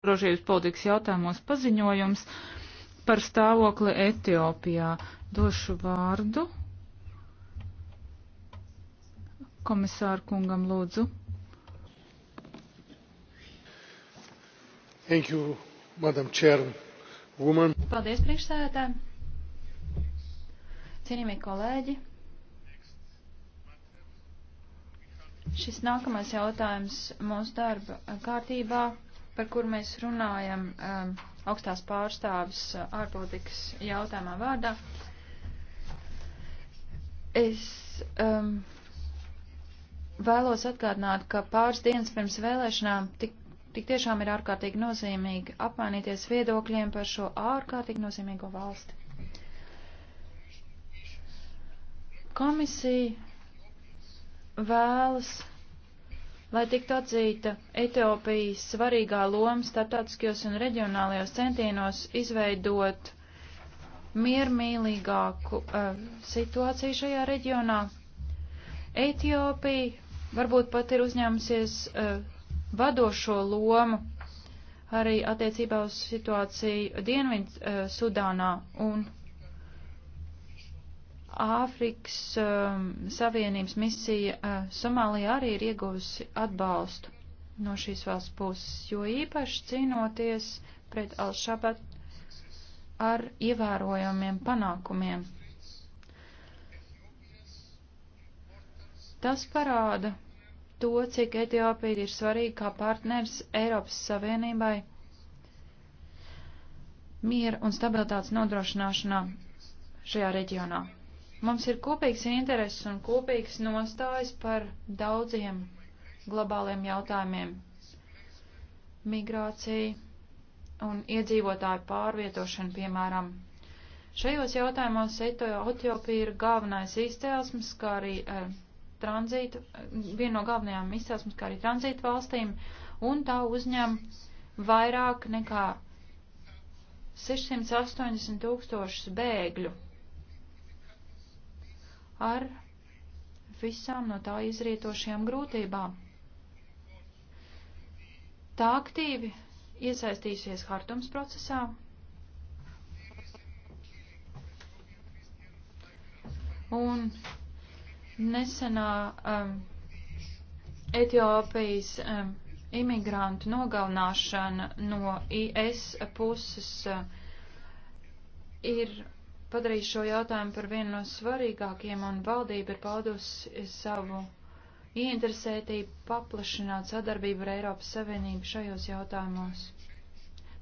drošības politikas jautājumos paziņojums par stāvokli Etiopijā. Došu vārdu komisāru kungam lūdzu. Thank you, Madam Chair, woman. Paldies, priekšsēdētāji. Cienījamie kolēģi. Šis nākamais jautājums mūsu darba kārtībā par kur mēs runājam um, augstās pārstāvis uh, ārpolitikas jautājumā vārdā. Es um, vēlos atgādināt, ka pāris dienas pirms vēlēšanām tik, tik tiešām ir ārkārtīgi nozīmīgi apmainīties viedokļiem par šo ārkārtīgi nozīmīgo valsti. Komisija vēlas Lai tiktu atzīta Etiopijas svarīgā loma starptautiskajos un reģionālajos centienos izveidot miermīlīgāku uh, situāciju šajā reģionā, Etiopija varbūt pat ir uzņēmusies uh, vadošo lomu arī attiecībā uz situāciju Dienvidu uh, Sudānā un Āfrikas um, Savienības misija uh, Somālijā arī ir ieguvusi atbalstu no šīs valsts puses, jo īpaši cīnoties pret Al-Shabat ar ievērojumiem panākumiem. Tas parāda to, cik Etiopija ir svarīga kā partners Eiropas Savienībai miera un stabilitātes nodrošināšanā šajā reģionā. Mums ir kopīgs intereses un kopīgs nostājs par daudziem globāliem jautājumiem - migrācija un iedzīvotāju pārvietošana, piemēram. Šajos jautājumos Etiopija ir galvenais izcelsmes, kā arī eh, tranzītu, eh, viena no galvenajām izcelsmes, kā arī tranzītu valstīm, un tā uzņem vairāk nekā 680 tūkstošus bēgļu ar visām no tā izrietošajām grūtībām. Tā aktīvi iesaistījusies Hartums procesā. Un nesenā um, Etiopijas um, imigrantu nogalināšana no IS puses uh, ir padarījis šo jautājumu par vienu no svarīgākiem, un valdība ir paudusi savu ieinteresētību paplašināt sadarbību ar Eiropas Savienību šajos jautājumos.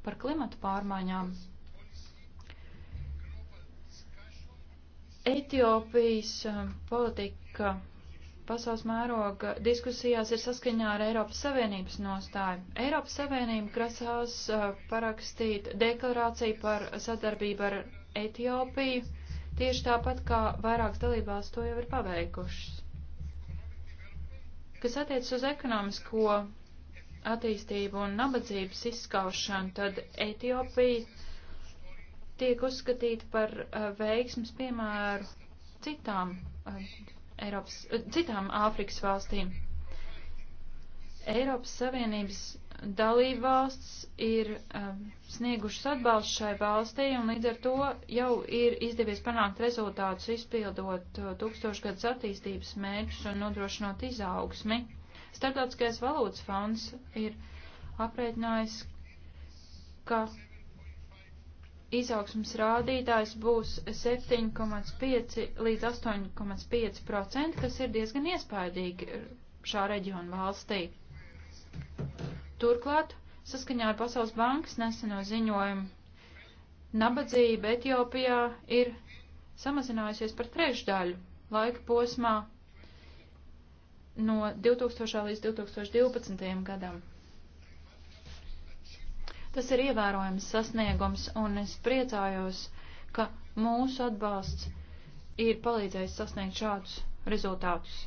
Par klimatu pārmaiņām. Etiopijas um, politika pasaules mēroga diskusijās ir saskaņā ar Eiropas Savienības nostāju. Eiropas Savienība grasās uh, parakstīt deklarāciju par sadarbību ar Etiopiju, tieši tāpat kā vairākas dalībās to jau ir paveikušas. Kas attiecas uz ekonomisko attīstību un nabadzības izskaušanu, tad Etiopija tiek uzskatīta par uh, veiksmes piemēru citām uh, Eiropas, uh, citām Āfrikas valstīm. Eiropas Savienības dalībvalsts ir um, sniegušas atbalstu šai valstī, un līdz ar to jau ir izdevies panākt rezultātus, izpildot uh, tūkstošgadus attīstības mērķus un nodrošinot izaugsmi. Starptautiskais valūtas fonds ir aprēķinājis, ka izaugsmas rādītājs būs 7,5 līdz 8,5%, kas ir diezgan iespaidīgi šā reģiona valstī. Turklāt, saskaņā ar Pasaules bankas neseno ziņojumu, nabadzība Etiopijā ir samazinājusies par trešdaļu laika posmā no 2000 līdz 2012. gadam. Tas ir ievērojams sasniegums, un es priecājos, ka mūsu atbalsts ir palīdzējis sasniegt šādus rezultātus.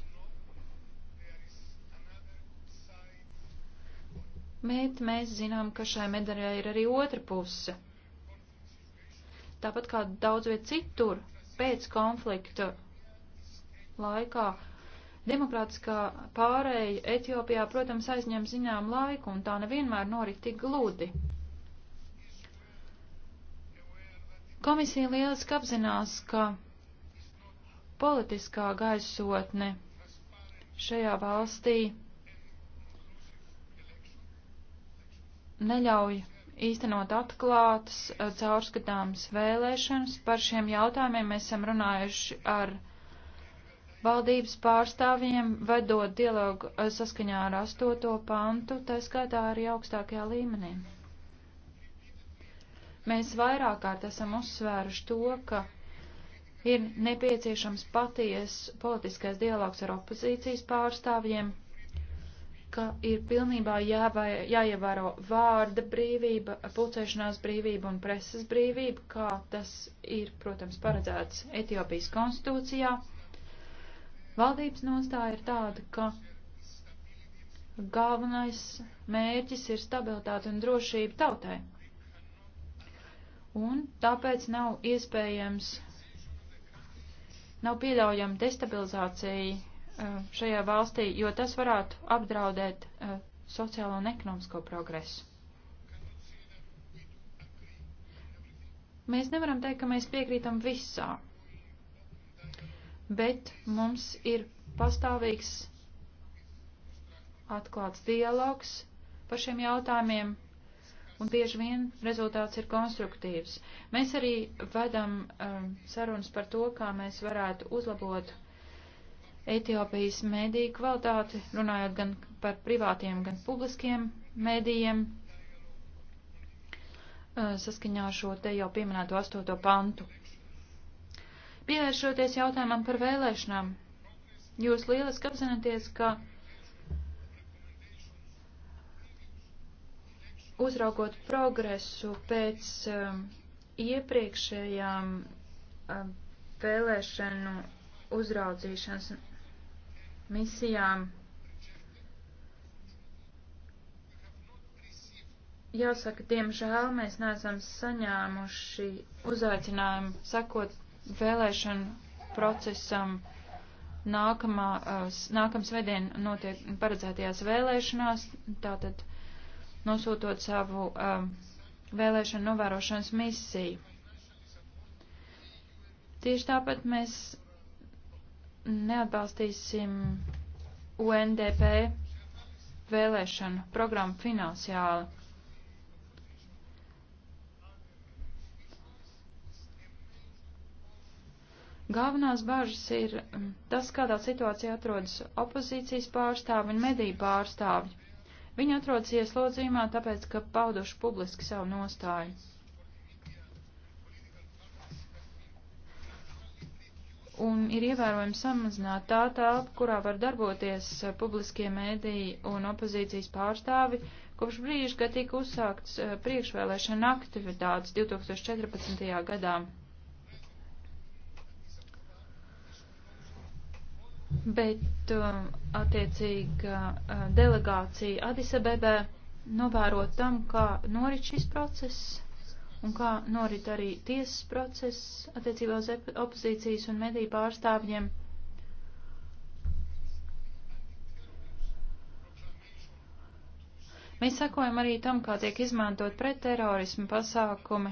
bet mēs zinām, ka šai medaļai ir arī otra puse. Tāpat kā daudz viet citur, pēc konflikta laikā, demokrātiskā pārēja Etiopijā, protams, aizņem zinām laiku, un tā nevienmēr norit tik gludi. Komisija lieliski apzinās, ka politiskā gaisotne šajā valstī neļauj īstenot atklātas, eh, caurskatāmas vēlēšanas. Par šiem jautājumiem mēs esam runājuši ar valdības pārstāvjiem, vedot dialogu eh, saskaņā ar 8. pantu, tā skaitā arī augstākajā līmenī. Mēs vairāk kārt esam uzsvēruši to, ka ir nepieciešams paties politiskais dialogs ar opozīcijas pārstāvjiem, ka ir pilnībā jāvai, jāievēro vārda brīvība, pulcēšanās brīvība un preses brīvība, kā tas ir, protams, paredzēts Etiopijas konstitūcijā. Valdības nostāja ir tāda, ka galvenais mērķis ir stabilitāte un drošība tautai. Un tāpēc nav iespējams, nav pieļaujama destabilizācija Uh, šajā valstī, jo tas varētu apdraudēt uh, sociālo un ekonomisko progresu. Mēs nevaram teikt, ka mēs piekrītam visā, bet mums ir pastāvīgs atklāts dialogs par šiem jautājumiem, un bieži vien rezultāts ir konstruktīvs. Mēs arī vedam um, sarunas par to, kā mēs varētu uzlabot Etiopijas mēdīju kvalitāti, runājot gan par privātiem, gan publiskiem mēdījiem, eh, saskaņā ar šo te jau pieminēto astoto pantu. Pievēršoties jautājumam par vēlēšanām, jūs lieliski apzināties, ka uzraugot progresu pēc um, iepriekšējām um, vēlēšanu uzraudzīšanas misijām. Jāsaka, diemžēl mēs neesam saņēmuši uzaicinājumu sekot vēlēšanu procesam. Nākamā, eh, nākam svedien notiek paredzētajās vēlēšanās, tātad nosūtot savu um, vēlēšanu novērošanas misiju. Tieši tāpat mēs neatbalstīsim UNDP vēlēšanu programmu finansiāli. Galvenās bažas ir mm, tas, kādā situācijā atrodas opozīcijas pārstāvi un mediju pārstāvi. Viņi atrodas ieslodzījumā, tāpēc, ka pauduši publiski savu nostāju. un ir ievērojami samazināt tā telpa, kurā var darboties eh, publiskie mēdīji un opozīcijas pārstāvi, kopš brīža, kad tika uzsākts eh, priekšvēlēšana aktivitātes 2014. gadā. Bet eh, attiecīga delegācija Adisabebē novērot tam, kā norit šis process un kā norit arī tiesas process attiecībā uz opozīcijas un mediju pārstāvjiem. Mēs sakojam arī tam, kā tiek izmantot pretterorismu pasākumi,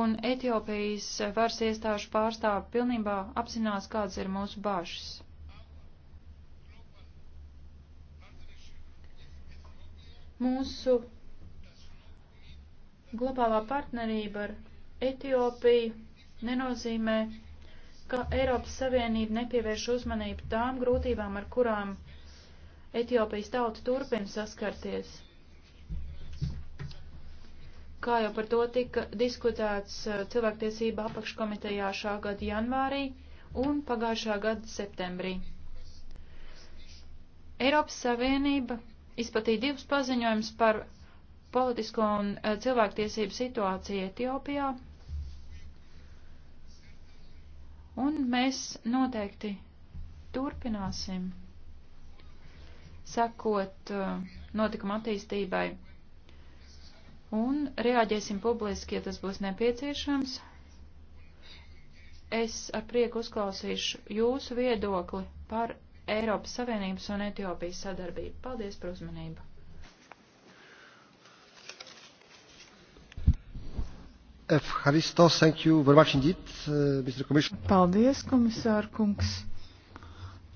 un Etiopijas varas iestāžu pārstāvi pilnībā apzinās, kādas ir mūsu bažas. Mūsu Globālā partnerība ar Etiopiju nenozīmē, ka Eiropas Savienība nepievērš uzmanību tām grūtībām, ar kurām Etiopijas tauta turpina saskarties. Kā jau par to tika diskutēts uh, cilvēktiesība apakškomitejā šā gada janvārī un pagājušā gada septembrī. Eiropas Savienība izplatīja divus paziņojumus par politisko un eh, cilvēktiesību situāciju Etiopijā. Un mēs noteikti turpināsim sekot eh, notikuma attīstībai un reaģēsim publiski, ja tas būs nepieciešams. Es ar prieku uzklausīšu jūsu viedokli par Eiropas Savienības un Etiopijas sadarbību. Paldies par uzmanību! Uh, Paldies, komisārkungs.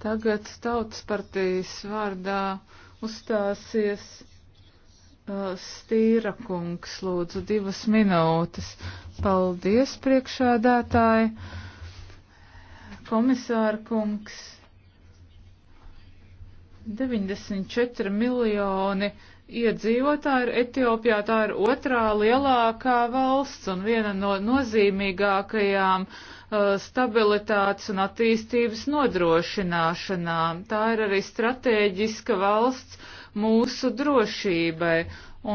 Tagad tautas partijas vārdā uzstāsies uh, Stīra kungs, lūdzu, divas minūtes. Paldies, priekšādātāji, komisāra kungs. 94 miljoni iedzīvotāji ir Etiopijā, tā ir otrā lielākā valsts un viena no nozīmīgākajām uh, stabilitātes un attīstības nodrošināšanām. Tā ir arī strateģiska valsts mūsu drošībai.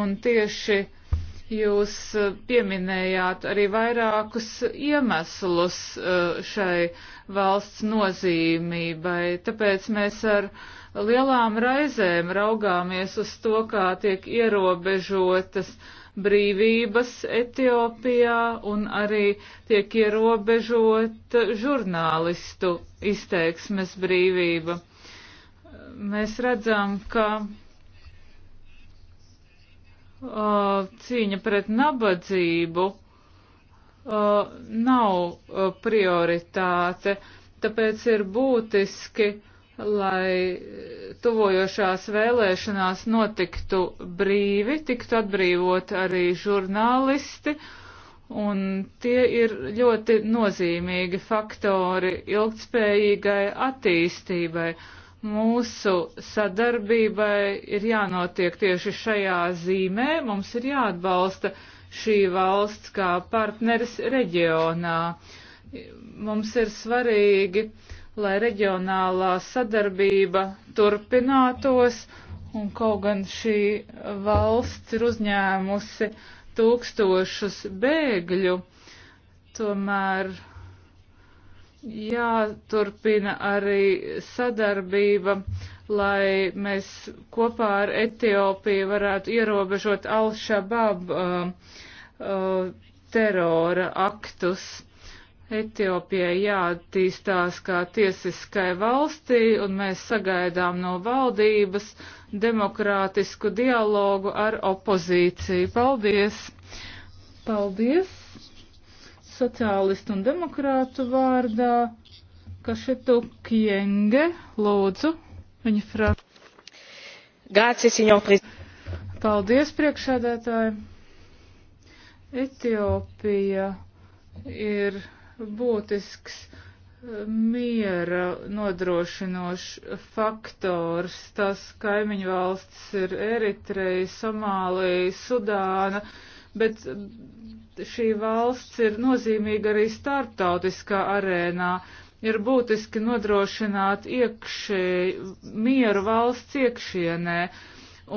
Un tieši Jūs eh, pieminējāt arī vairākus iemeslus eh, šai valsts nozīmībai, tāpēc mēs ar lielām raizēm raugāmies uz to, kā tiek ierobežotas brīvības Etiopijā un arī tiek ierobežota žurnālistu izteiksmes brīvība. Mēs redzam, ka Uh, cīņa pret nabadzību uh, nav uh, prioritāte, tāpēc ir būtiski, lai tuvojošās vēlēšanās notiktu brīvi, tiktu atbrīvot arī žurnālisti, un tie ir ļoti nozīmīgi faktori ilgtspējīgai attīstībai. Uh, Mūsu sadarbībai ir jānotiek tieši šajā zīmē, mums ir jāatbalsta šī valsts kā partneris reģionā. Mums ir svarīgi, lai reģionālā sadarbība turpinātos, un kaut gan šī valsts ir uzņēmusi tūkstošus bēgļu, tomēr jāturpina arī sadarbība, lai mēs kopā ar Etiopiju varētu ierobežot Al-Shabaab uh, uh, terora aktus. Etiopijai jāattīstās kā tiesiskai valstī, un mēs sagaidām no valdības demokrātisku dialogu ar opozīciju. Paldies! Paldies! sociālistu un demokrātu vārdā Kašetu Kienge, lūdzu, viņa fra. Grācie, signor prezidents. Paldies, priekšādētāji. Etiopija ir būtisks eh, miera nodrošinošs faktors. Tas kaimiņu valsts ir Eritreja, Somālija, Sudāna, bet šī valsts ir nozīmīga arī starptautiskā arēnā. Ir būtiski nodrošināt iekšē, mieru valsts iekšienē,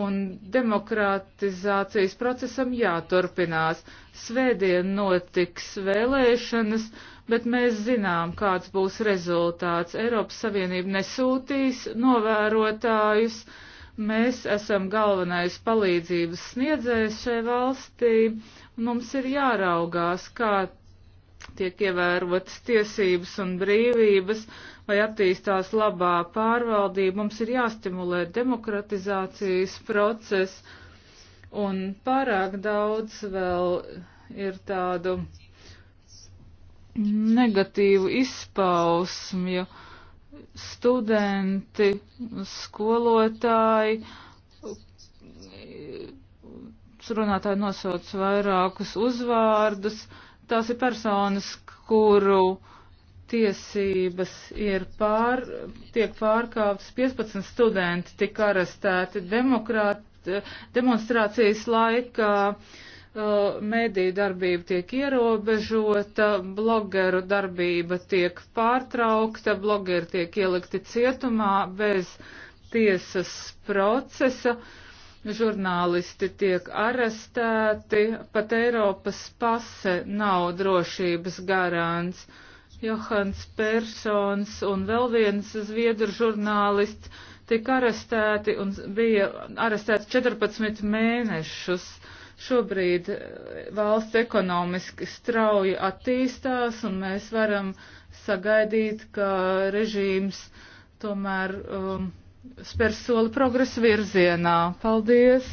un demokratizācijas procesam jāturpinās. Svētdien notiks vēlēšanas, bet mēs zinām, kāds būs rezultāts. Eiropas Savienība nesūtīs novērotājus. Uh, Mēs esam galvenais palīdzības sniedzējs šai valstī, un mums ir jāraugās, kā tiek ievērotas tiesības un brīvības, vai attīstās labā pārvaldība. Mums ir jāstimulē demokratizācijas process, un pārāk daudz vēl ir tādu negatīvu izpausmju. Ja studenti, skolotāji, runātāji nosauc vairākus uzvārdus. Tās ir personas, kuru tiesības ir pār, tiek pārkāptas. 15 studenti tika arestēti demokrāt, demonstrācijas laikā. Uh, Uh, Mēdīju darbība tiek ierobežota, blogeru darbība tiek pārtraukta, blogeri tiek ielikti cietumā bez tiesas procesa, žurnālisti tiek arestēti, pat Eiropas pase nav drošības garants. Johans Persons un vēl viens zviedru žurnālists tika arestēti un bija arestēts 14 mēnešus. Uh, Šobrīd eh, valsts ekonomiski strauji attīstās, un mēs varam sagaidīt, ka režīms tomēr um, spērs soli progresa virzienā. Paldies!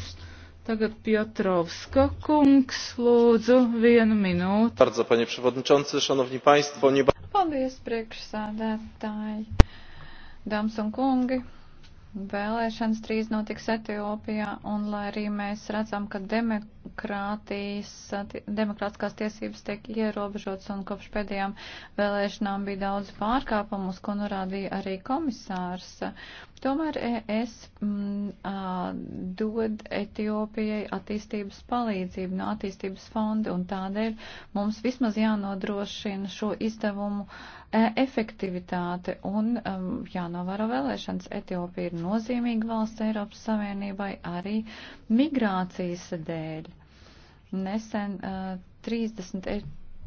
Tagad Piotrovska kungs, lūdzu, vienu minūti. Bardzo, panie przewodniczący, szanowni państwo, nie... Paldies, priekšsādētāji, dāmas un kungi. Vēlēšanas trīs notiks Etiopijā, un lai arī mēs redzam, ka demokrātija demokrātijas, demokrātiskās tiesības tiek ierobežotas un kopš pēdējām vēlēšanām bija daudz pārkāpumu, uz ko norādīja arī komisārs. Tomēr es m, mm, a, dod Etiopijai attīstības palīdzību no attīstības fonda un tādēļ mums vismaz jānodrošina šo izdevumu efektivitāte un um, jānovēro vēlēšanas. Etiopija ir nozīmīga valsts Eiropas Savienībai arī migrācijas dēļ. Nesen uh, eh, 30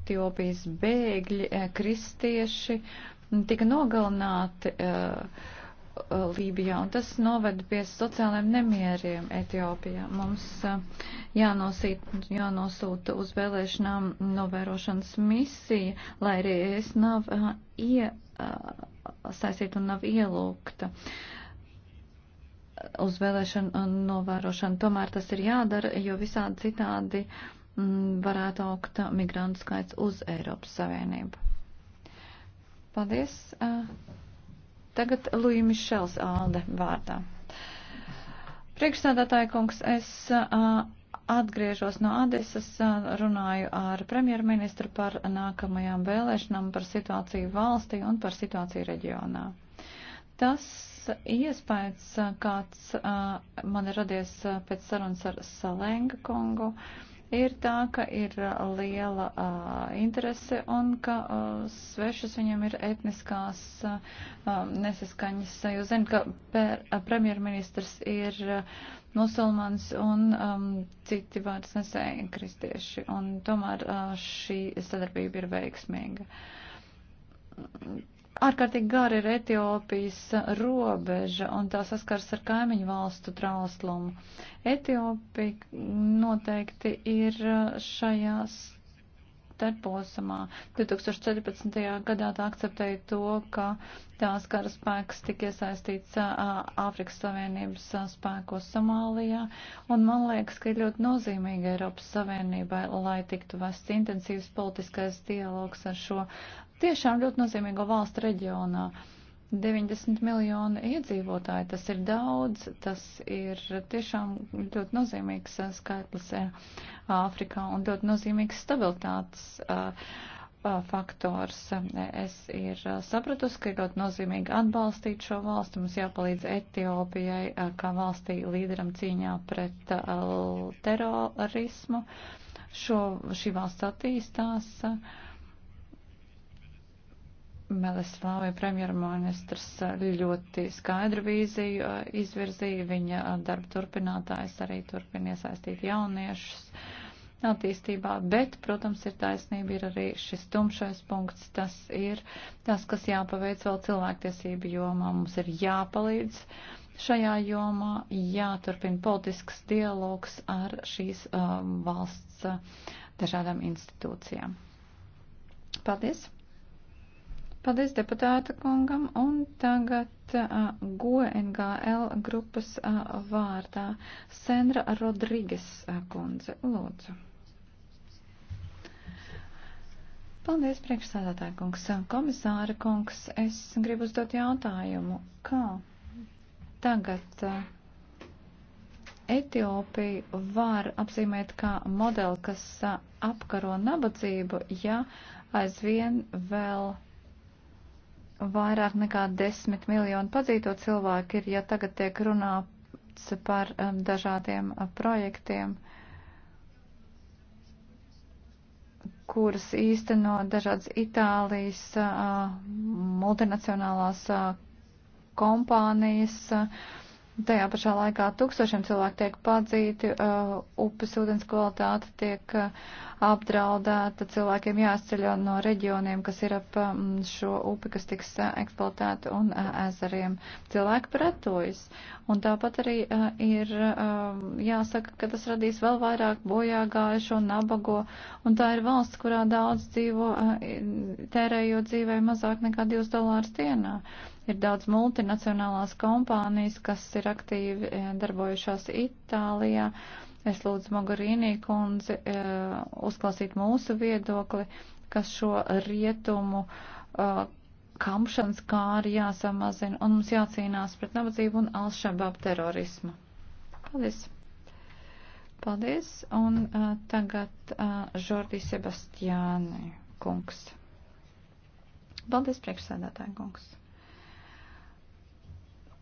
Etiopijas bēgļi, uh, kristieši tika nogalināti. Uh, Lībijā, un tas noveda pie sociālajiem nemieriem Etiopijā. Mums jānosīt, jānosūta uz vēlēšanām novērošanas misija, lai arī es nav iesaistīta un nav ielūgta. Uh, uz vēlēšanu novērošanu. Tomēr tas ir jādara, jo visādi citādi mm, varētu augt migrantu skaits uz Eiropas Savienību. Paldies. Tagad Lūija Mišels Alde vārdā. Priekšstādātāja kungs, es atgriežos no Adisas, runāju ar premjerministru par nākamajām vēlēšanām, par situāciju valstī un par situāciju reģionā. Tas iespējas, kāds man ir radies pēc sarunas ar Salenga kungu, ir tā, ka ir liela interese un ka svešas viņam ir etniskās nesaskaņas. Jūs zināt, ka premjerministrs ir musulmanis un um, citi vārds nesēja kristieši, un tomēr uh, šī sadarbība ir veiksmīga Ārkārtīgi gara ir Etiopijas robeža, un tā saskars ar kaimiņu valstu trauslumu. Etiopija noteikti ir uh, šajā starposmā. 2014. gadā tā akceptēja to, ka tās kara spēks tika iesaistīts uh, Āfrikas Savienības uh, spēkos Somālijā, un man liekas, ka ir ļoti nozīmīgi Eiropas Savienībai, lai tiktu vests intensīvs politiskais dialogs ar šo tiešām ļoti nozīmīgo valstu reģionā. 90 miljonu iedzīvotāju, tas ir daudz, tas ir tiešām ļoti nozīmīgs uh, skaitlis uh, Āfrikā un ļoti nozīmīgs stabilitātes uh, faktors. Es ir sapratusi, ka ir ļoti nozīmīgi atbalstīt šo valstu, mums jāpalīdz Etiopijai kā valstī līderam cīņā pret terorismu. Šo, šī valsts attīstās. Uh, Meleslavija premjerministrs eh, ļoti skaidru vīziju eh, izvirzīja, viņa eh, darba turpinātājs arī turpina iesaistīt jauniešus attīstībā, bet, protams, ir taisnība, ir arī šis tumšais punkts, tas ir tas, kas jāpaveic vēl cilvēktiesību jomā, mums ir jāpalīdz šajā jomā, jāturpina politisks dialogs ar šīs um, valsts uh, dažādām institūcijām. Paldies! Paldies deputāta kungam un tagad uh, GONGL grupas uh, vārdā Sandra Rodriges uh, kundze. Lūdzu. Paldies, priekšsādātāja kungs. Komisāra kungs, es gribu uzdot jautājumu. Kā tagad uh, Etiopiju var apzīmēt kā modeli, kas uh, apkaro nabadzību, ja aizvien vēl vairāk nekā desmit miljonu padzīto cilvēku ir, ja tagad tiek runāts par um, dažādiem uh, projektiem, kuras īsteno dažādas Itālijas uh, multinacionālās uh, kompānijas. Uh, Tajā pašā laikā tūkstošiem cilvēku tiek padzīti, uh, upes ūdens kvalitāte tiek uh, apdraudēta, cilvēkiem jāsceļo no reģioniem, kas ir ap um, šo upi, kas tiks uh, eksploatēta, un uh, ezeriem. Cilvēki pretojas. Un tāpat arī uh, ir uh, jāsaka, ka tas radīs vēl vairāk bojāgājušo, nabago, un tā ir valsts, kurā daudz dzīvo, uh, tērējot dzīvē mazāk nekā 2 dolārus dienā. Uh, Ir daudz multinacionālās kompānijas, kas ir aktīvi eh, darbojušās Itālijā. Es lūdzu Mogarīnī kundzi eh, uzklausīt mūsu viedokli, kas šo rietumu eh, kamšanas kāri jāsamazina un mums jācīnās pret nabadzību un alšabab terorismu. Paldies! Paldies! Un uh, tagad uh, Žordi Sebastiāni kungs. Paldies, priekšsēdētāji kungs!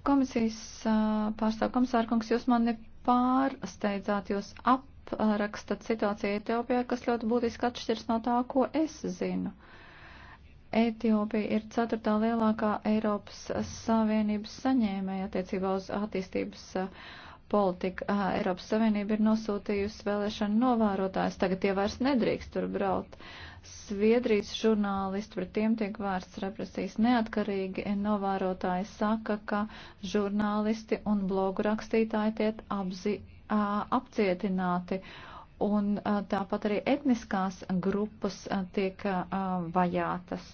Komisijas pārstāv komisārkungs, jūs mani pārsteidzāt, jūs aprakstat situāciju Etiopijā, kas ļoti būtiski atšķirs no tā, ko es zinu. Etiopija ir ceturtā lielākā Eiropas Savienības saņēmēja attiecībā uz attīstības uh, politika. Aha, Eiropas Savienība ir nosūtījusi vēlēšanu novērotājus, tagad tie vairs nedrīkst tur braukt. Sviedrijas žurnālisti pret tiem tiek vērsts represijas neatkarīgi. Novērotāji saka, ka žurnālisti un blogu rakstītāji tiek apzi, apcietināti. Un tāpat arī etniskās grupas tiek vajātas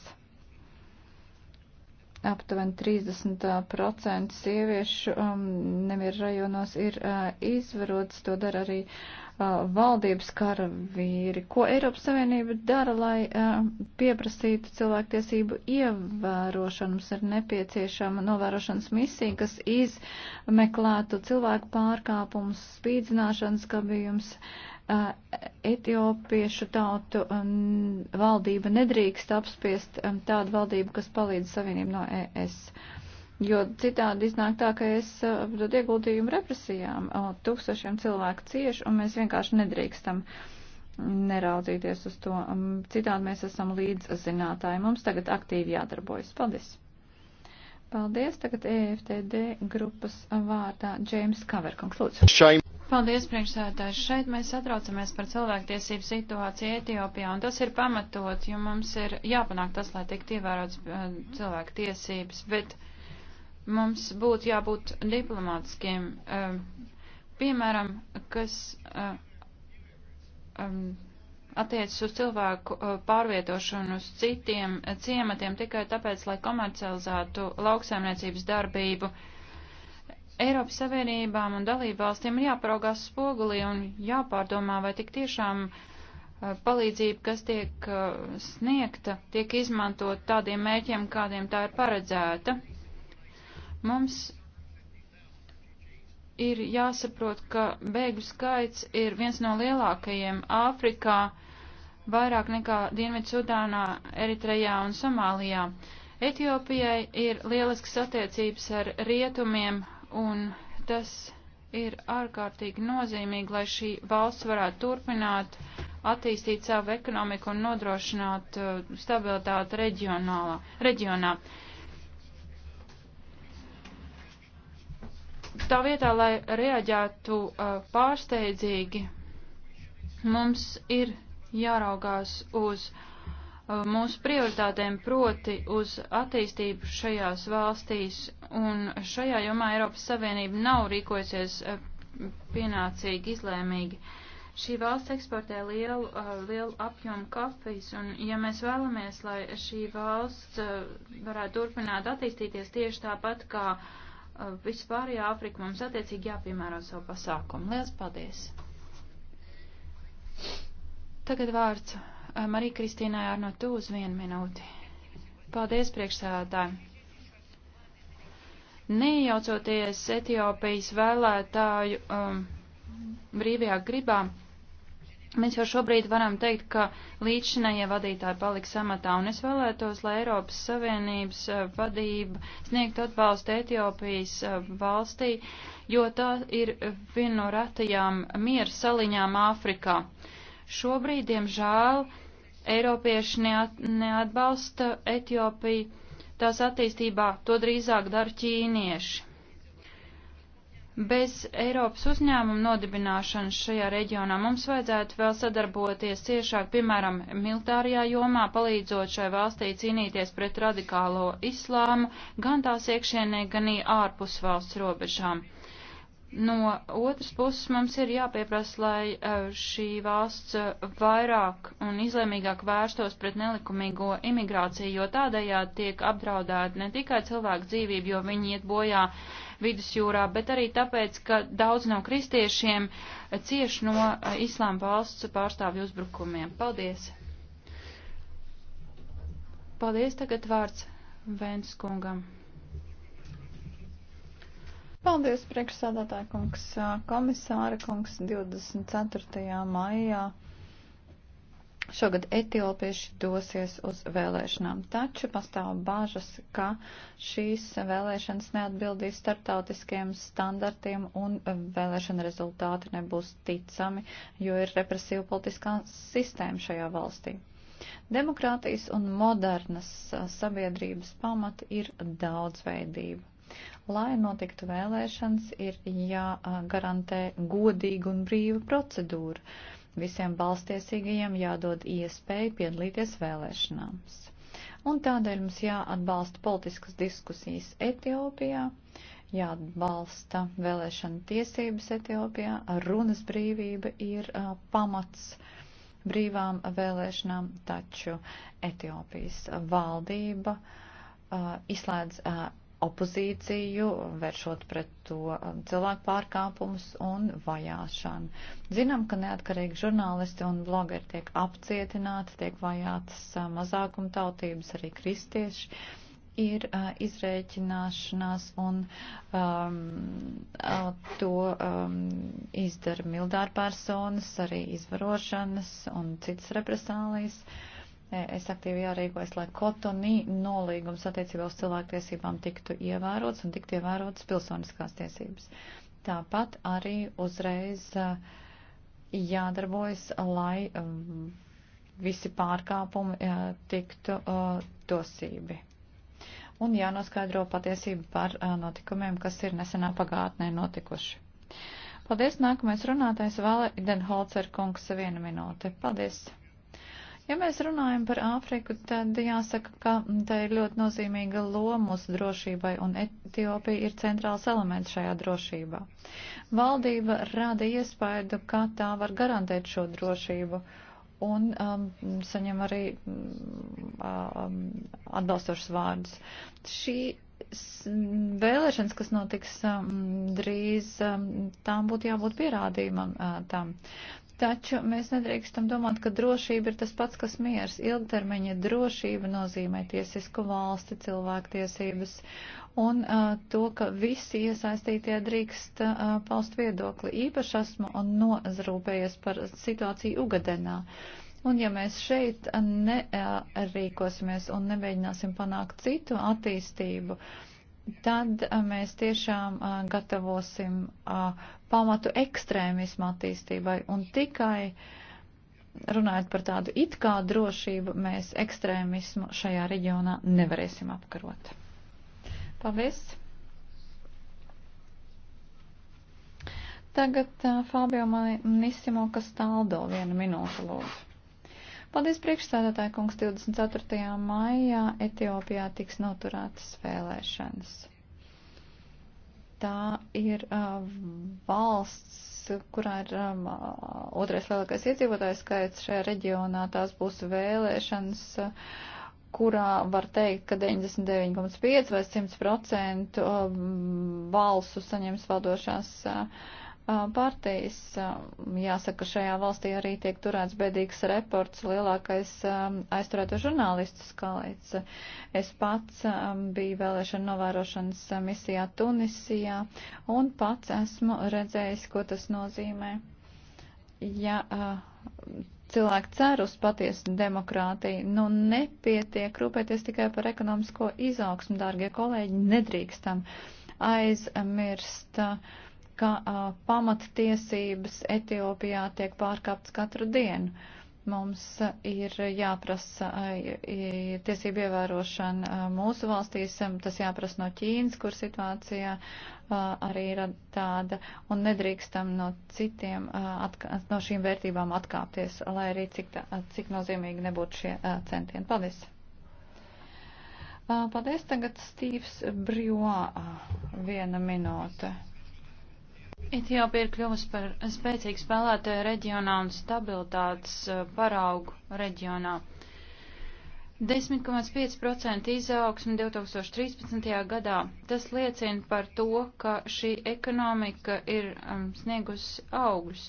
aptuveni 30% sieviešu um, nemieru rajonos ir uh, izvarotas, to dara arī uh, valdības karavīri. Ko Eiropas Savienība dara, lai uh, pieprasītu cilvēktiesību ievērošanu? Mums ir nepieciešama novērošanas misija, kas izmeklētu cilvēku pārkāpumus, spīdzināšanas kabījumus. Uh, Etiopiešu tautu um, valdība nedrīkst apspiest um, tādu valdību, kas palīdz savienību no ES. Jo citādi iznāk tā, ka es uh, dod ieguldījumu represijām, tūkstošiem cilvēku cieši, un mēs vienkārši nedrīkstam neraudzīties uz to. Um, citādi mēs esam līdzzinātāji. Mums tagad aktīvi jādarbojas. Paldies! Paldies! Tagad EFTD grupas vārdā Džeims Kaverkungs. Lūdzu! Šaim. Paldies, priekšsēdētājs. Šeit mēs satraucamies par cilvēktiesību situāciju Etiopijā, un tas ir pamatot, jo mums ir jāpanāk tas, lai tiktu ievērots eh, cilvēku tiesības, bet mums būtu jābūt diplomātiskiem, eh, piemēram, kas eh, attiecas uz cilvēku pārvietošanu uz citiem ciematiem tikai tāpēc, lai komercializētu lauksaimniecības darbību. Eiropas Savienībām un dalību valstīm ir jāparaugās spogulī un jāpārdomā, vai tik tiešām eh, palīdzība, kas tiek eh, sniegta, tiek izmantot tādiem mērķiem, kādiem tā ir paredzēta. Mums ir jāsaprot, ka bēgļu skaits ir viens no lielākajiem Āfrikā, vairāk nekā Dienvidsudānā, Eritrejā un Somālijā. Etiopijai ir lielisks attiecības ar rietumiem, un tas ir ārkārtīgi nozīmīgi, lai šī valsts varētu turpināt attīstīt savu ekonomiku un nodrošināt uh, stabilitāti reģionā. Tā vietā, lai reaģētu uh, pārsteidzīgi, mums ir jāraugās uz uh, Uh, mūsu prioritātēm proti uz attīstību šajās valstīs, un šajā jomā Eiropas Savienība nav rīkojusies uh, pienācīgi izlēmīgi. Šī valsts eksportē lielu, uh, lielu apjomu kafijas, un ja mēs vēlamies, lai šī valsts varētu turpināt attīstīties tieši tāpat kā vispārējā Āfrika, mums attiecīgi jāpiemēro savu pasākumu. Lielas paldies! Tagad vārds Marija Kristīnā Arnotu uz vienu minūti. Paldies, priekšsēdētāji! Neiejaucoties Etiopijas vēlētāju um, brīvajā gribā, mēs jau šobrīd varam teikt, ka līdzinājie vadītāji paliks amatā, un es vēlētos, lai Eiropas Savienības uh, vadība sniegtu atbalstu Etiopijas uh, valstī, jo tā ir viena no retajām miera saliņām Āfrikā. Šobrīd, diemžēl, uh, Eiropieši neat, neatbalsta Etiopiju tās attīstībā, to drīzāk dara ķīnieši. Bez Eiropas uzņēmuma nodibināšanas šajā reģionā mums vajadzētu vēl sadarboties ciešāk, piemēram, militārajā jomā, palīdzot šai valstī cīnīties pret radikālo islāmu gan tās iekšienē, gan arī ārpus valsts robežām. No otras puses mums ir jāpieprasa, lai eh, šī valsts eh, vairāk un izlēmīgāk vērstos pret nelikumīgo imigrāciju, jo tādējādi tiek apdraudēta ne tikai cilvēku dzīvība, jo viņi iet bojā vidusjūrā, bet arī tāpēc, ka daudz no kristiešiem eh, cieši no islāma valsts pārstāvju uzbrukumiem. Paldies! Paldies tagad vārds Vēnskungam. Paldies, priekšsādātāja kungs, komisāra kungs 24. maijā. Šogad etiopieši dosies uz vēlēšanām, taču pastāv bāžas, ka šīs vēlēšanas neatbildīs startautiskiem standartiem un vēlēšana rezultāti nebūs ticami, jo ir represīva politiskā sistēma šajā valstī. Demokrātijas un modernas sabiedrības pamata ir daudzveidība Lai notiktu vēlēšanas, ir jāgarantē godīga un brīva procedūra. Visiem balstiesīgajiem jādod iespēja piedalīties vēlēšanās. Un tādēļ mums jāatbalsta politiskas diskusijas Etiopijā, jāatbalsta vēlēšana tiesības Etiopijā, runas brīvība ir uh, pamats brīvām vēlēšanām, taču Etiopijas valdība uh, izslēdz uh, opozīciju, vēršot pret to um, cilvēku pārkāpumus un vajāšanu. Zinām, ka neatkarīgi žurnālisti un blogeri tiek apcietināti, tiek vajātas uh, mazākumtautības, arī kristieši. Ir uh, izrēķināšanās un um, uh, to um, izdara mildārpersonas, arī izvarošanas un citas represālijas. Uh, Es aktīvi jārīkojas, lai kotonī nolīgums attiecībā uz cilvēktiesībām tiktu ievērots un tiktu ievērotas pilsoniskās tiesības. Tāpat arī uzreiz eh, jādarbojas, lai mm, visi pārkāpumi eh, tiktu dosībi. Eh, un jānoskaidro patiesību par notikumiem, kas ir nesenā pagātnē notikuši. Paldies, nākamais runātais Vale Denholzer kungs, viena minūte. Paldies! Ja mēs runājam par Āfriku, tad jāsaka, ka tā ir ļoti nozīmīga loma mūsu drošībai, un Etiopija ir centrāls elements šajā drošībā. Valdība rada iespaidu, ka tā var garantēt šo drošību un um, saņem arī mm, um, atbalstošus vārdus. Šī mm, vēlēšanas, kas notiks um, drīz, um, tām būtu jābūt pierādījumam uh, tam. Taču mēs nedrīkstam domāt, ka drošība ir tas pats, kas miers. Ilgtermiņa drošība nozīmē tiesisku valsti, cilvēktiesības un uh, to, ka visi iesaistītie drīkst uh, paust viedokli. Īpaši esmu un nozrūpējies par situāciju Ugadenā. Un ja mēs šeit nerīkosimies uh, un nemēģināsim panākt citu attīstību, uh, tad mēs tiešām gatavosim pamatu ekstrēmismu attīstībai un tikai runājot par tādu it kā drošību, mēs ekstrēmismu šajā reģionā nevarēsim apkarot. Paldies! Tagad uh, Fabio Manissimo Castaldo vienu minūtu lūdzu. Paldies priekšstādātāja kungs 24. maijā Etiopijā tiks noturētas vēlēšanas. Tā ir uh, valsts, kurā ir um, uh, otrais lielākais iedzīvotājs skaits šajā reģionā. Tās būs vēlēšanas, kurā var teikt, ka 99,5 vai 100% valsu um, saņems vadošās. Uh, Uh, partijas. Uh, jāsaka, šajā valstī arī tiek turēts bēdīgs reports, lielākais um, aizturēto žurnālistu skaits. Es pats um, biju vēlēšana novērošanas misijā Tunisijā un pats esmu redzējis, ko tas nozīmē. Ja uh, cilvēki cer uz patiesu demokrātiju, nu nepietiek rūpēties tikai par ekonomisko izaugsmu, dārgie kolēģi, nedrīkstam aizmirst. Uh, ka uh, pamattiesības Etiopijā tiek pārkāptas katru dienu. Mums ir jāprasa tiesību ievērošana mūsu valstīs, tas jāprasa no Ķīnas, kur situācijā arī ir tāda, un nedrīkstam no citiem, no šīm vērtībām atkāpties, lai arī cik, tā, cik nozīmīgi nebūtu šie centieni. Paldies! Paldies, tagad Stīvs Brjoā, viena minūte. Etiopija ir kļuvusi par spēcīgu spēlētāju reģionā un stabilitātes eh, paraugu reģionā. 10,5% izaugsme 2013. gadā. Tas liecina par to, ka šī ekonomika ir um, sniegusi augļus.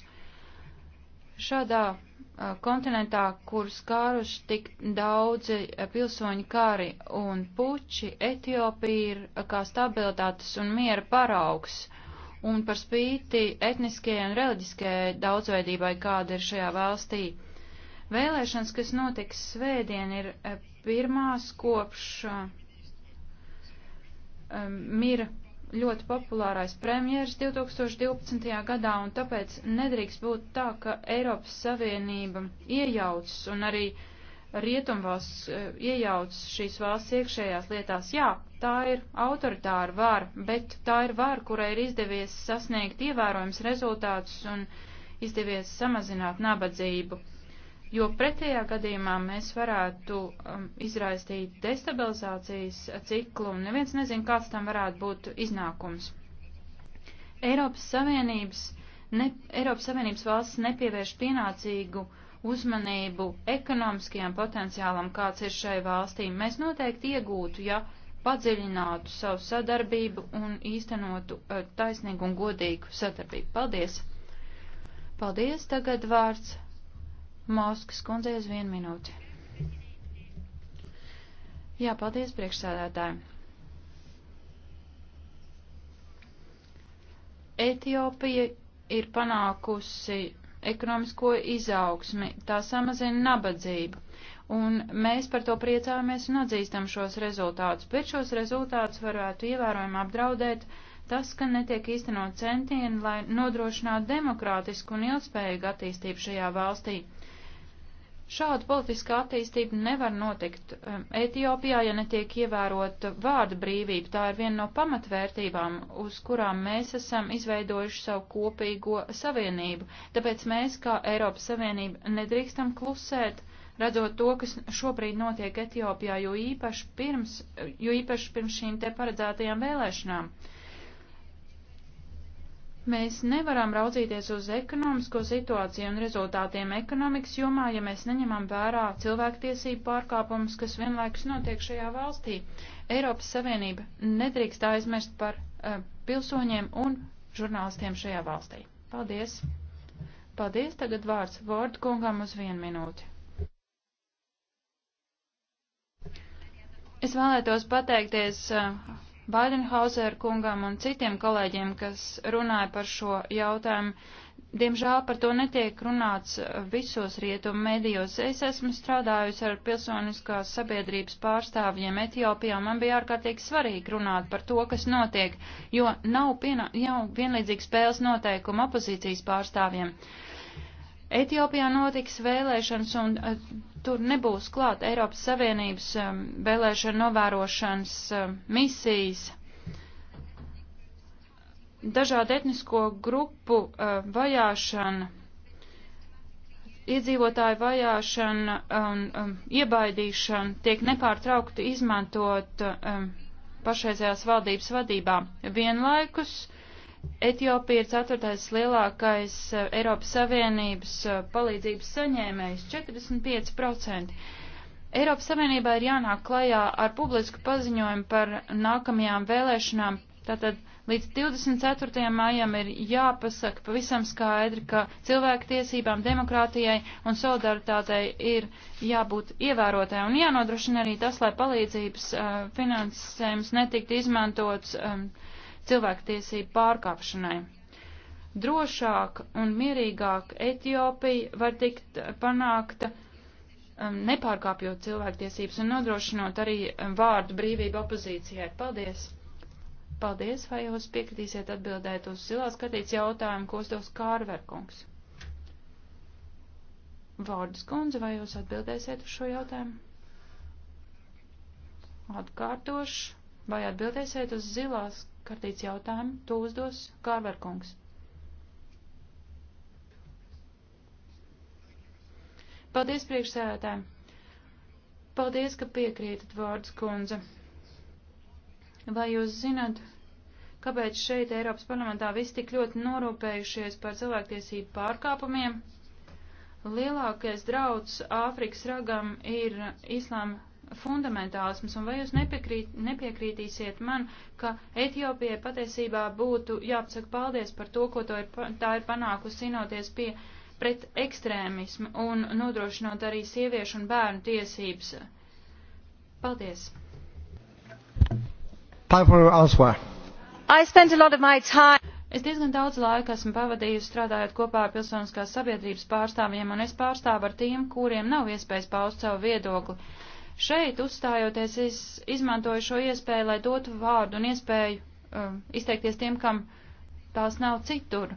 Šādā uh, kontinentā, kur skāruši tik daudzi uh, eh, pilsoņu kari un puči, Etiopija ir uh, kā stabilitātes un miera paraugs. Uh, un par spīti etniskajai un reliģiskajai daudzveidībai, kāda ir šajā valstī. Vēlēšanas, kas notiks svētdien, ir eh, pirmās kopš um, eh, eh, mira ļoti populārais premjeras 2012. gadā, un tāpēc nedrīkst būt tā, ka Eiropas Savienība iejaucas un arī Rietumvalsts iejaucas šīs valsts iekšējās lietās. Jā, Tā ir autoritāra vara, bet tā ir vara, kurai ir izdevies sasniegt ievērojams rezultātus un izdevies samazināt nabadzību. Jo pretējā gadījumā mēs varētu um, izraistīt destabilizācijas ciklu, un neviens nezin, kāds tam varētu būt iznākums. Eiropas Savienības, ne, Eiropas Savienības valsts nepievērš pienācīgu uzmanību ekonomiskajam potenciālam, kāds ir šai valstī. Mēs noteikti iegūtu, ja padziļinātu savu sadarbību un īstenotu eh, taisnīgu un godīgu sadarbību. Paldies! Paldies! Tagad vārds Mauskas kundzei uz vienu minūti. Jā, paldies priekšsādātājiem! Etiopija ir panākusi ekonomisko izaugsmi, tā samazina nabadzību un mēs par to priecājamies un atzīstam šos rezultātus, bet šos rezultātus varētu ievērojami apdraudēt tas, ka netiek īstenot centieni, lai nodrošinātu demokrātisku un ilgspējīgu attīstību šajā valstī. Šāda politiskā attīstība nevar notikt um, Etiopijā, ja netiek ievērota vārda brīvība. Tā ir viena no pamatvērtībām, uz kurām mēs esam izveidojuši savu kopīgo savienību. Tāpēc mēs, kā Eiropas Savienība, nedrīkstam klusēt redzot to, kas šobrīd notiek Etiopijā, jo īpaši pirms, jo īpaši pirms šīm te paredzētajām vēlēšanām. Mēs nevaram raudzīties uz ekonomisko situāciju un rezultātiem ekonomikas jomā, ja mēs neņemam vērā cilvēktiesību pārkāpumus, kas vienlaikus notiek šajā valstī. Eiropas Savienība nedrīkst aizmirst par uh, pilsoņiem un žurnālistiem šajā valstī. Paldies! Paldies! Tagad vārds Vord kungam uz vienu minūti. Es vēlētos pateikties eh, Baidenhauser kungam un citiem kolēģiem, kas runāja par šo jautājumu. Diemžēl par to netiek runāts eh, visos rietumu medijos. Es esmu strādājusi ar pilsoniskās sabiedrības pārstāvjiem Etiopijā. Man bija ārkārtīgi svarīgi runāt par to, kas notiek, jo nav, pienā, nav vienlīdzīgi spēles noteikumu opozīcijas pārstāvjiem. Uh, Etiopijā notiks vēlēšanas un uh, tur nebūs klāt Eiropas Savienības um, vēlēšana novērošanas um, misijas. Dažādu etnisko grupu uh, vajāšana, iedzīvotāju vajāšana un um, iebaidīšana tiek nepārtraukti izmantot um, pašreizējās valdības vadībā. Vienlaikus Etiopija ir ceturtais lielākais eh, Eiropas Savienības eh, palīdzības saņēmējs - 45%. Eiropas Savienībā ir jānāk klajā ar publisku paziņojumu par nākamajām vēlēšanām. Tātad līdz 24. maijam ir jāpasaka pavisam skaidri, ka cilvēktiesībām, demokrātijai un solidaritātei ir jābūt ievērotai un jānodrošina arī tas, lai palīdzības uh, finansējums netiktu izmantots. Um, cilvēktiesību pārkāpšanai. Drošāk un mierīgāk Etiopija var tikt panākta um, nepārkāpjot cilvēktiesības un nodrošinot arī um, vārdu brīvību opozīcijai. Paldies! Paldies, vai jūs piekritīsiet atbildēt uz zilās skatīts jautājumu, ko uzdos Kārverkungs? Vārdas kundze, vai jūs atbildēsiet uz šo jautājumu? Atkārtošu, vai atbildēsiet uz zilās kārtīts jautājumu. To uzdos Kārverkungs. Paldies priekšsēdētājiem. Paldies, ka piekrītat vārds kundze. Vai jūs zināt, kāpēc šeit Eiropas parlamentā viss tik ļoti norūpējušies par cilvēktiesību pārkāpumiem? Lielākais drauds Āfrikas ragam ir islāma fundamentālisms, un vai jūs nepiekrīt, nepiekrītīsiet man, ka Etiopijai patiesībā būtu jāpasaka paldies par to, ko to ir, tā ir panākusi cīnoties pie, pret ekstrēmismu un nodrošinot arī sieviešu un bērnu tiesības. Paldies! Es diezgan daudz laika esmu pavadījusi strādājot kopā ar pilsoniskās sabiedrības pārstāvjiem, un es pārstāvu ar tiem, kuriem nav iespējas paust savu viedokli. Šeit uzstājoties, es izmantoju šo iespēju, lai dotu vārdu un iespēju um, izteikties tiem, kam tās nav citur.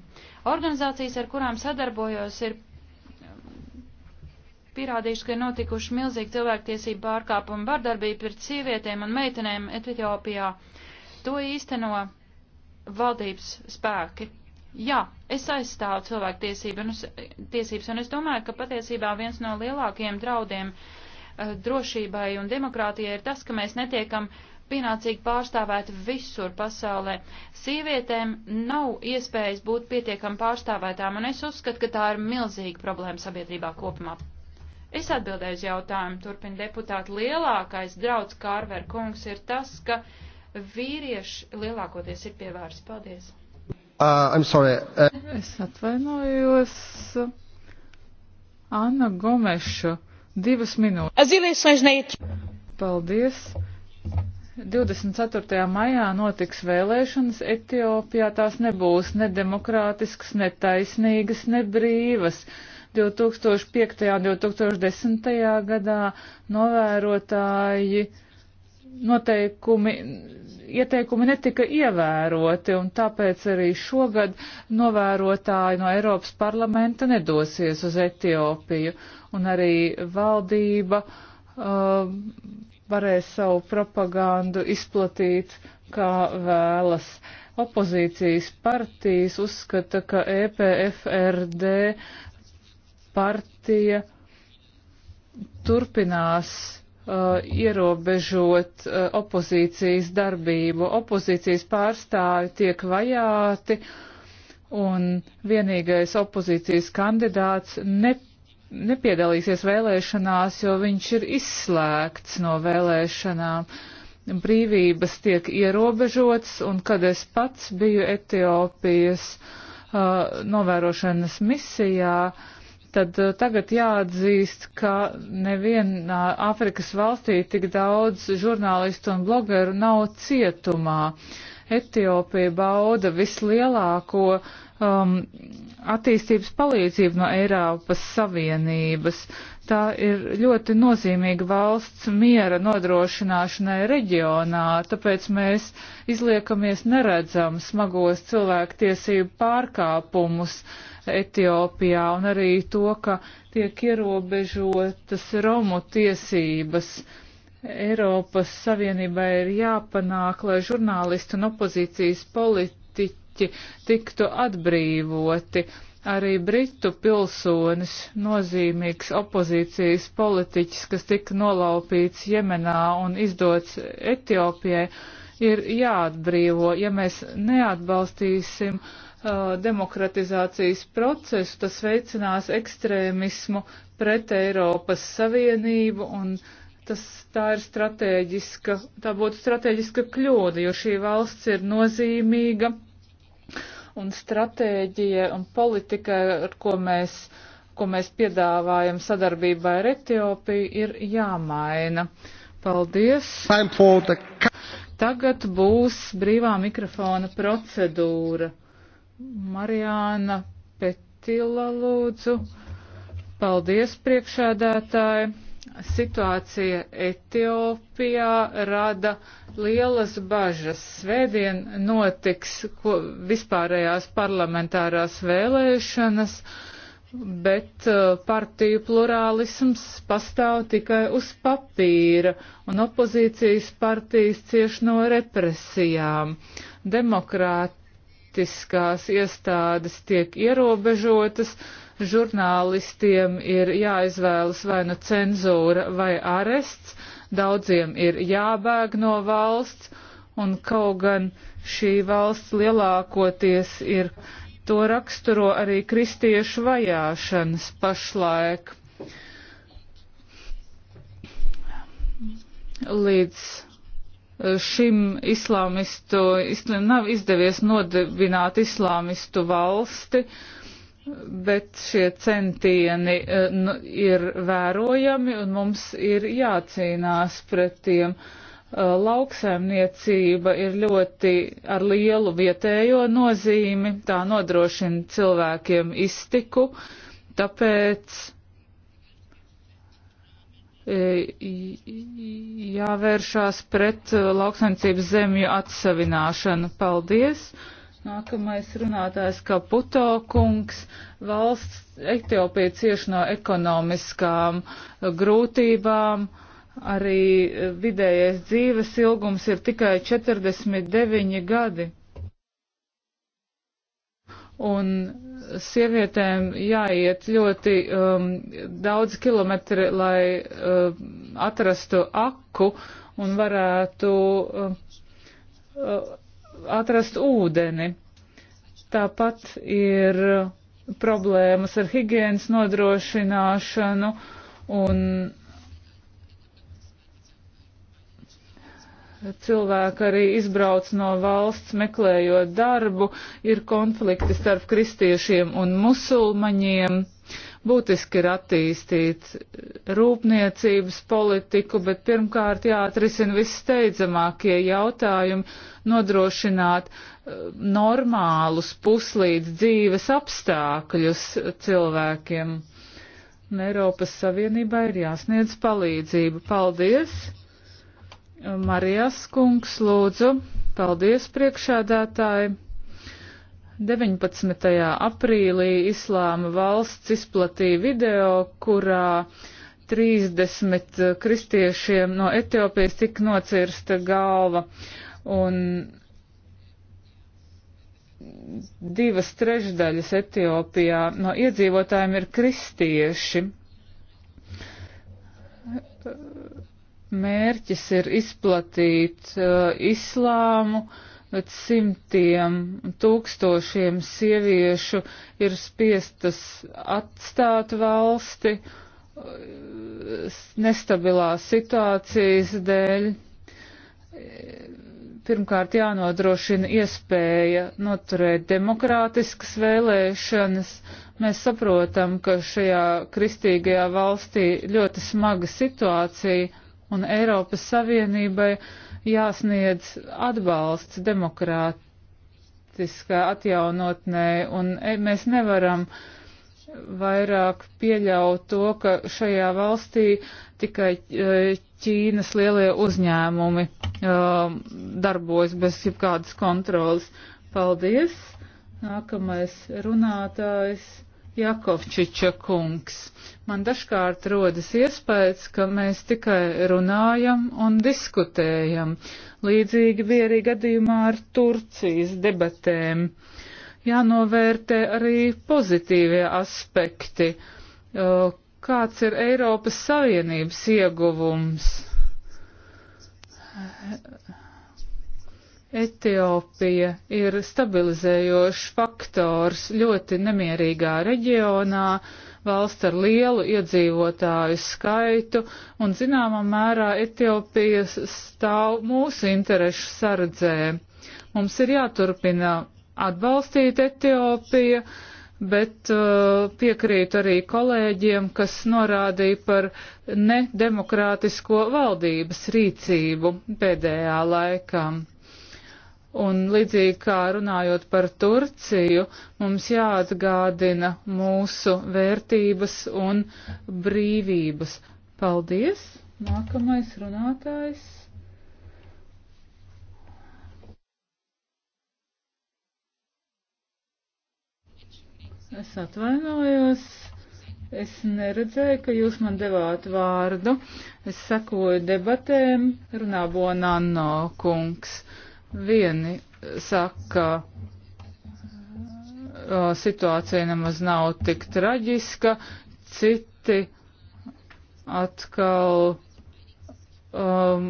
Organizācijas, ar kurām sadarbojos, ir um, pierādījuši, ka ir notikuši milzīgi cilvēktiesību pārkāpumi vardarbība pret sievietēm un meitenēm Etiopijā. To īsteno valdības spēki. Jā, es aizstāvu cilvēktiesību un, tiesības, un es domāju, ka patiesībā viens no lielākajiem draudiem uh, Eh, drošībai un demokrātijai ir tas, ka mēs netiekam pienācīgi pārstāvēti visur pasaulē. Sievietēm nav iespējas būt pietiekam pārstāvētām, un es uzskatu, ka tā ir milzīga problēma sabiedrībā kopumā. Es atbildēju uz jautājumu, turpin deputāti, lielākais draudz Kārver kungs ir tas, ka vīrieši lielākoties ir pievērsti. Paldies! Uh, I'm sorry. Uh... Es atvainojos Anna Gomeša Divas minūtes. E Paldies. 24. maijā notiks vēlēšanas Etiopijā. Tās nebūs nedemokrātiskas, netaisnīgas, nebrīvas. 2005. un 2010. gadā novērotāji noteikumi, ieteikumi netika ievēroti, un tāpēc arī šogad novērotāji no Eiropas parlamenta nedosies uz Etiopiju, un arī valdība uh, varēs savu propagandu izplatīt, kā vēlas. Opozīcijas partijas uzskata, ka EPFRD partija turpinās uh, ierobežot uh, opozīcijas darbību. Opozīcijas pārstāvi tiek vajāti un vienīgais opozīcijas kandidāts ne, nepiedalīsies vēlēšanās, jo viņš ir izslēgts no vēlēšanām. Brīvības tiek ierobežots un kad es pats biju Etiopijas uh, novērošanas misijā, uh, tad uh, tagad jāatzīst, ka nevienā Āfrikas valstī tik daudz žurnālistu un blogeru nav cietumā. Etiopija bauda vislielāko um, attīstības palīdzību no Eiropas Savienības. Tā ir ļoti nozīmīga valsts miera nodrošināšanai reģionā, tāpēc mēs izliekamies neredzam smagos cilvēktiesību pārkāpumus Etiopijā un arī to, ka tiek ierobežotas Romu tiesības. Eiropas Savienībai ir jāpanāk, lai žurnālisti un opozīcijas politiķi politiķi tiktu atbrīvoti. Arī britu pilsonis, nozīmīgs opozīcijas politiķis, kas tika nolaupīts Jemenā un izdots Etiopijai, ir jāatbrīvo. Ja mēs neatbalstīsim uh, demokratizācijas procesu, tas veicinās ekstrēmismu pret Eiropas Savienību un tas tā ir strateģiska, tā būtu strateģiska kļūda, jo šī valsts ir nozīmīga Un stratēģija un politika, ar ko mēs, ko mēs piedāvājam sadarbībā ar Etiopiju, ir jāmaina. Paldies! Tagad būs brīvā mikrofona procedūra. Marijāna Petila lūdzu. Paldies, priekšēdētāji! situācija Etiopijā rada lielas bažas. Svētdien notiks ko, vispārējās parlamentārās vēlēšanas, bet uh, partiju plurālisms pastāv tikai uz papīra, un opozīcijas partijas cieš no represijām. Demokrātiskās iestādes tiek ierobežotas, Žurnālistiem ir jāizvēlas vai nu cenzūra vai arests, daudziem ir jābēg no valsts, un kaut gan šī valsts lielākoties ir, to raksturo arī kristiešu vajāšanas pašlaik. Līdz e, šim islāmistu, islam, nav izdevies nodibināt islāmistu valsti, bet šie centieni e, nu, ir vērojami un mums ir jācīnās pret tiem. E, Lauksaimniecība ir ļoti ar lielu vietējo nozīmi, tā nodrošina cilvēkiem iztiku, tāpēc e, jāvēršās pret lauksaimniecības zemju atsavināšanu. Paldies! Nākamais runātājs Kaputo kungs. Valsts Etiopija cieši no ekonomiskām grūtībām. Arī vidējais dzīves ilgums ir tikai 49 gadi. Un sievietēm jāiet ļoti um, daudz kilometri, lai uh, atrastu aku un varētu uh, uh, atrast ūdeni. Tāpat ir problēmas ar higienas nodrošināšanu un cilvēki arī izbrauc no valsts meklējot darbu, ir konflikti starp kristiešiem un musulmaņiem. Būtiski ir attīstīt rūpniecības politiku, bet pirmkārt jāatrisina visteidzamākie jautājumi, nodrošināt eh, normālus puslīdz dzīves apstākļus cilvēkiem. Un Eiropas Savienībai ir jāsniedz palīdzību. Paldies! Marijas kungs lūdzu. Paldies priekšādātāji! 19. aprīlī Islāma valsts izplatīja video, kurā 30 kristiešiem no Etiopijas tika nocirsta galva un divas trešdaļas Etiopijā no iedzīvotājiem ir kristieši. Mērķis ir izplatīt uh, islāmu, uh, bet simtiem tūkstošiem sieviešu ir spiestas atstāt valsti nestabilās situācijas dēļ. Pirmkārt, jānodrošina iespēja noturēt demokrātiskas vēlēšanas. Mēs saprotam, ka šajā kristīgajā valstī ļoti smaga situācija un Eiropas Savienībai uh, jāsniedz atbalsts demokrātiskā atjaunotnē, un e, mēs nevaram vairāk pieļaut to, ka šajā valstī tikai e, Ķīnas lielie uzņēmumi um, darbojas bez jebkādas kontrolas. Paldies! Nākamais runātājs. Jakovčiča kungs. Man dažkārt rodas iespējas, ka mēs tikai runājam un diskutējam. Līdzīgi bija arī gadījumā ar Turcijas debatēm. Jānovērtē arī pozitīvie aspekti. Kāds ir Eiropas Savienības ieguvums? Etiopija ir stabilizējošs faktors ļoti nemierīgā reģionā, valsts ar lielu iedzīvotāju skaitu, un zināmā mērā Etiopija stāv mūsu interešu sardzē. Mums ir jāturpina atbalstīt Etiopiju, bet uh, piekrītu arī kolēģiem, kas norādīja par nedemokrātisko valdības rīcību pēdējā laikā. Un līdzīgi kā runājot par Turciju, mums jāatgādina mūsu vērtības un brīvības. Paldies! Nākamais runātājs. Es atvainojos. Es neredzēju, ka jūs man devāt vārdu. Es sekoju debatēm. Runā Bonanno kungs. Uh, Vieni saka, ka situācija nemaz nav tik traģiska, citi atkal um,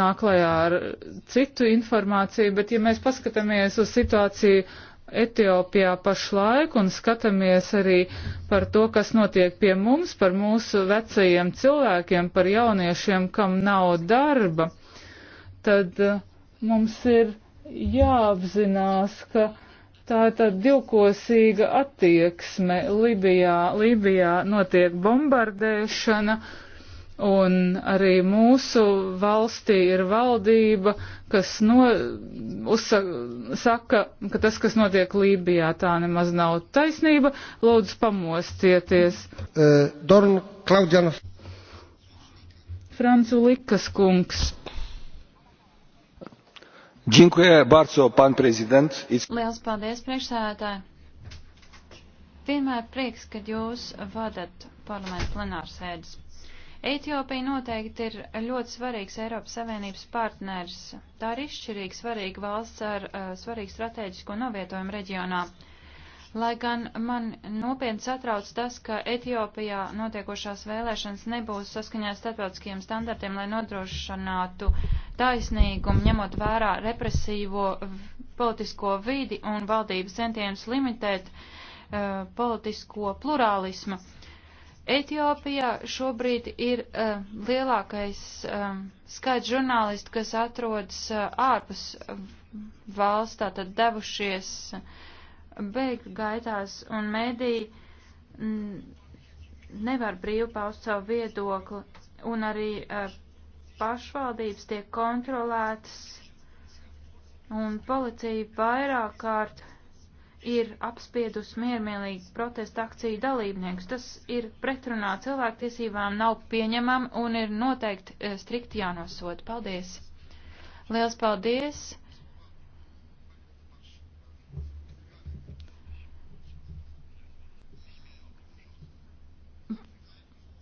nāk klajā ar citu informāciju, bet ja mēs paskatāmies uz situāciju Etiopijā pašlaik un skatāmies arī par to, kas notiek pie mums, par mūsu vecajiem cilvēkiem, par jauniešiem, kam nav darba, uh, tad eh, mums ir jāapzinās, ka tā ir tāda divkosīga attieksme. Libijā, Libijā notiek bombardēšana. Un arī mūsu valstī ir valdība, kas no, uzsaka, ka tas, kas notiek Lībijā, tā nemaz nav taisnība. Lūdzu, pamostieties. Uh, Dorn Klaudjanovs. Francu Likas kungs. Liels paldies, priekšsēdētāji! Vienmēr prieks, kad jūs vadat parlamentu plenārsēdes. Etiopija noteikti ir ļoti svarīgs Eiropas Savienības partners. Tā ir izšķirīga svarīga valsts ar uh, svarīgu strateģisko novietojumu reģionā. Lai gan man nopietni satrauc tas, ka Etiopijā notiekošās vēlēšanas nebūs saskaņā starptautiskiem standartiem, lai nodrošinātu taisnīgumu, ņemot vērā represīvo politisko vidi un valdības centienus limitēt uh, politisko plurālismu. Etiopijā šobrīd ir uh, lielākais uh, skaits žurnālisti, kas atrodas uh, ārpus valsts, tātad devušies. Uh, beigu gaitās, un mediji mm, nevar brīvi paust savu viedokli, un arī uh, pašvaldības tiek kontrolētas, un policija vairāk kārt ir apspiedus miermīlīgi protesta akciju dalībniekus. Tas ir pretrunā cilvēktiesībām, nav pieņemam un ir noteikti uh, eh, strikti jānosod. Paldies! Liels paldies!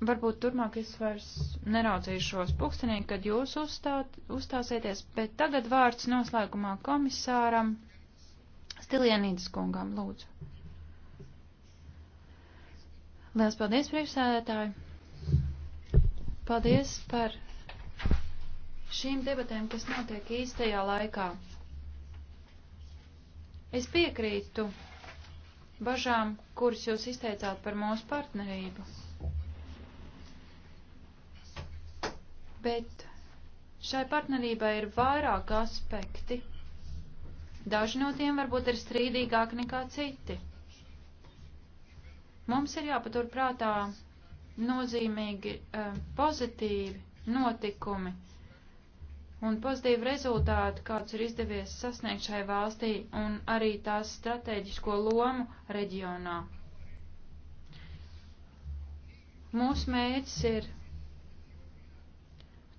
Varbūt turmāk es vairs neraudzīšos pulkstenī, kad jūs uzstāt, uzstāsieties, bet tagad vārds noslēgumā komisāram Stilienīdas kungam, lūdzu. Liels paldies, priekšsēdētāji! Paldies par šīm debatēm, kas notiek īstajā laikā. Es piekrītu bažām, kuras jūs izteicāt par mūsu partnerību. bet šai partnerībai ir vairāk aspekti. Daži no tiem varbūt ir strīdīgāki nekā citi. Mums ir jāpatur prātā nozīmīgi e, pozitīvi notikumi un pozitīvi rezultāti, kāds ir izdevies sasniegt šai valstī un arī tās strateģisko lomu reģionā. Mūsu mērķis ir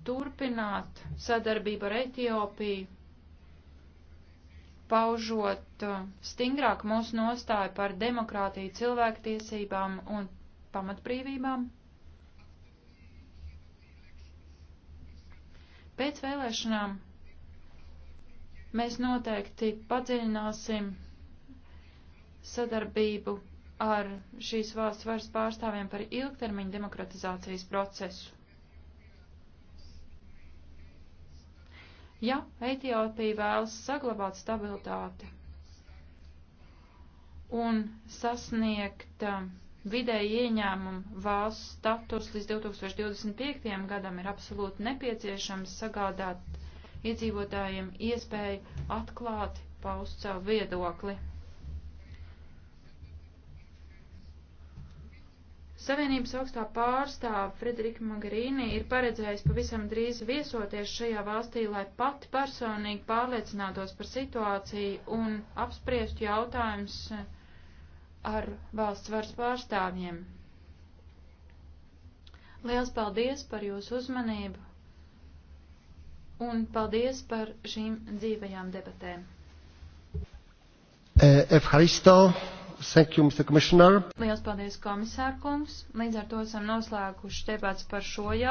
turpināt sadarbību ar Etiopiju, paužot uh, stingrāk mūsu nostāju par demokrātiju, cilvēktiesībām un pamatbrīvībām. Pēc vēlēšanām mēs noteikti padziļināsim sadarbību ar šīs valsts varas pārstāvjiem par ilgtermiņu demokratizācijas procesu. ja Etiopija vēlas saglabāt stabilitāti un sasniegt um, vidēji ieņēmumu valsts status līdz 2025. gadam ir absolūti nepieciešams sagādāt iedzīvotājiem iespēju atklāti paust savu viedokli. Savienības augstā pārstāva Frederika Mogherini ir paredzējis pavisam drīz viesoties šajā valstī, lai pati personīgi pārliecinātos par situāciju un apspriestu jautājumus ar valsts varas pārstāvjiem. Liels paldies par jūsu uzmanību un paldies par šīm dzīvajām debatēm. E, eh, Efharisto. Thank you, Mr. Commissioner. Lielas paldies, komisārkungs. Līdz ar to esam noslēguši debats par šo jau.